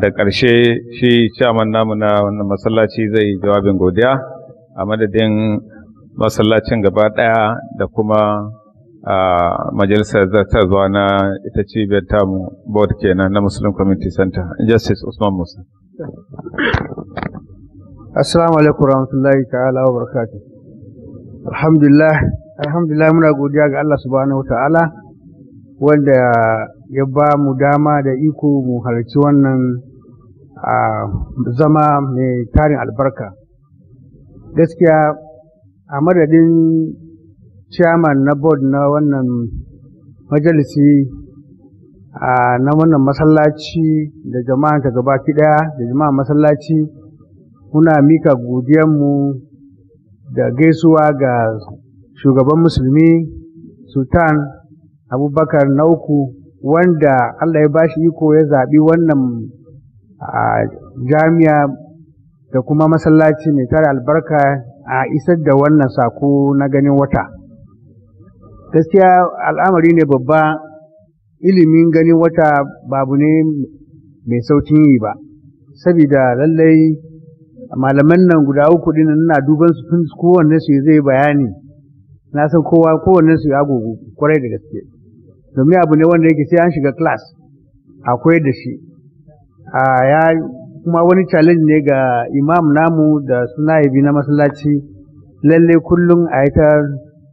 da ƙarshe shi chairman namu na wannan masallaci zai jawabin godiya a madadin masallacin gaba ɗaya da kuma majalisar zuwa na ita cibiyar tamu board kenan na muslim community center justice usman musa assalamu alaikum rahmatullahi ta'ala wa barakatuh alhamdulillah alhamdulillah muna godiya ga allah subhanahu wa ta'ala wanda ya ba mu dama da iko mu halarci wannan zama mai tarin albarka. Gaskiya a madadin chairman na board na wannan majalisi na wannan masallaci da jama'a ta gabaki daya da jama'a masallaci muna mika godiyanmu da gaisuwa ga shugaban musulmi sultan abubakar na uku wanda allah ya bashi iko ya zaɓi wannan jami'a da kuma masallaci mai tare albarka a isar da wannan sako na ganin wata gaskiya al'amari ne babba ilimin ganin wata babu ne mai saukin yi ba saboda lallai malaman nan guda uku din ina duban su tun kowanne su zai bayani na san kowa kowannen su ya gugu kwarai da gaske domin abu ne wanda yake sai an shiga class akwai da shi a ya kuma wani challenge ne ga imam namu da suna yabi na masallaci lalle kullum a yi ta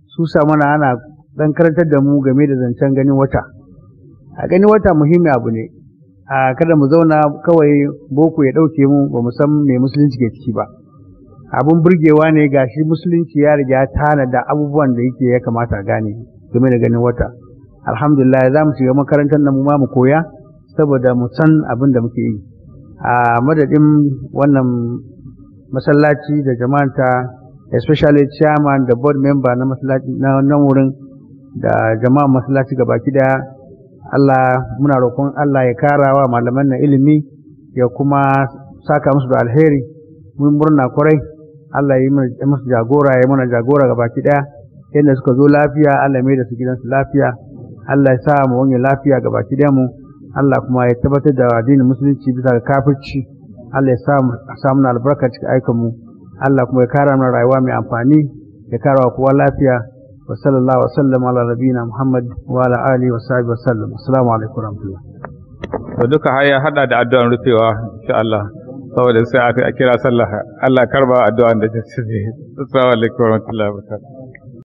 susa mana ana dan karantar da mu game da zancen ganin wata a ganin wata muhimmi abu ne a kada mu zauna kawai boko ya ɗauke mu ba mu san me musulunci ke ciki ba abin burgewa ne gashi musulunci ya riga tana da abubuwan da yake ya kamata gane game da ganin wata alhamdulillah za mu shiga makarantar nan mu ma mu koya saboda mu san abin da muke yi a madadin wannan masallaci da jama'anta especially chairman da board member na masallaci na wannan wurin da jama'a masallaci gabaki daya Allah muna roƙon Allah ya kara wa malaman na ilimi ya kuma saka musu da alheri mun murna kwarai Allah ya yi musu jagora ya mana jagora ga baki daya yadda suka zo lafiya Allah mai da su gidansu lafiya Allah ya sa mu wani lafiya ga baki daya mu Allah kuma ya tabbatar da addinin musulunci bisa ga kafirci Allah ya sa mu samu albarka cikin aikin mu Allah kuma ya kara mana rayuwa mai amfani ya kara wa kowa lafiya wa sallallahu wa Muhammad wa ala wa sahbihi wa sallam wa rahmatullah to duka haya hada da addu'an rufewa insha saboda sai a kira sallah Allah karba addu'a da ta ce assalamu alaikum warahmatullahi wabarakatuh